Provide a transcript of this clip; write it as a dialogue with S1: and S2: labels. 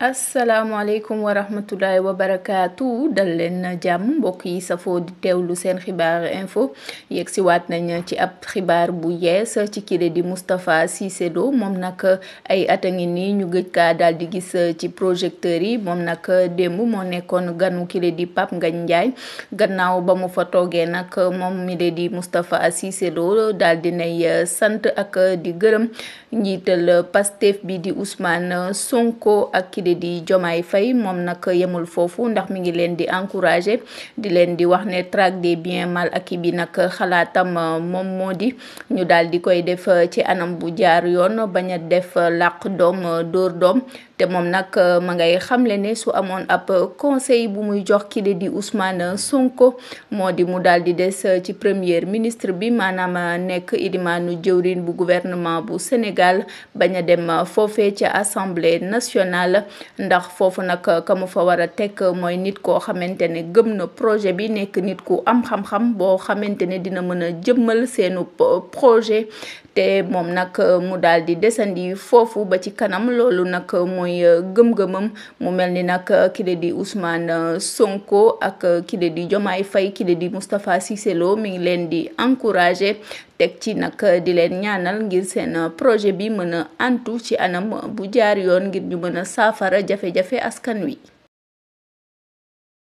S1: Assalamualaikum warahmatullahi wabarakatuh. wa barakaatu dal len jam mbok yi fo di tewlu sen xibaar info yeksi si nañ ci ab xibaar bu yes ci kile di Mustafa Cissé Lo moom ay atangi ni ñu gëj ka dal di gis ci projecteur yi mom nak mo nekkon ganu kile di Pape Ngagne Ndiaye gannaaw ba mu fa toge nak mom mi le di Mustafa Cissé Lo di nay sante ak di Pastef bi di Ousmane Sonko ak di Diomaye Faye moom nag yemul foofu ndax mi ngi leen di encourager di leen di wax ne traque des bien mal acquis bi nag xalaatam euh, moom moo di ñu daal di koy def euh, ci anam bu jaar yoon bañ a def euh, làq doom dóor doom te moom nag euh, ma ngay xamle ne su amoon ab conseil bu muy jox ki de di Ousmane Sonko moo di mu daal di des euh, ci premier ministre bi maanaam euh, nekk idimaanu jëwrin bu gouvernement bu Sénégal bañ a dem foofee ci assemblée nationale ndax foofu nag ka mu fa war a teg mooy nit koo xamante ne gëm na projet bi nekk nit ku am xam-xam boo xamante ne dina mën a jëmmal seenu projet te moom nag mu daal di desandi foofu ba ci kanam loolu nag mooy Euh, gëm-gëmam mu mel ni nag euh, kile di Ousmane euh, Sonko ak kile di Diomaye fay kile di Moustapha siselo Lo mi ngi leen di encourager teg ci nag di leen ñaanal ngir seen projet bi mën a antu ci anam bu jaar yoon ngir ñu mën a saafara jafe-jafe askan wi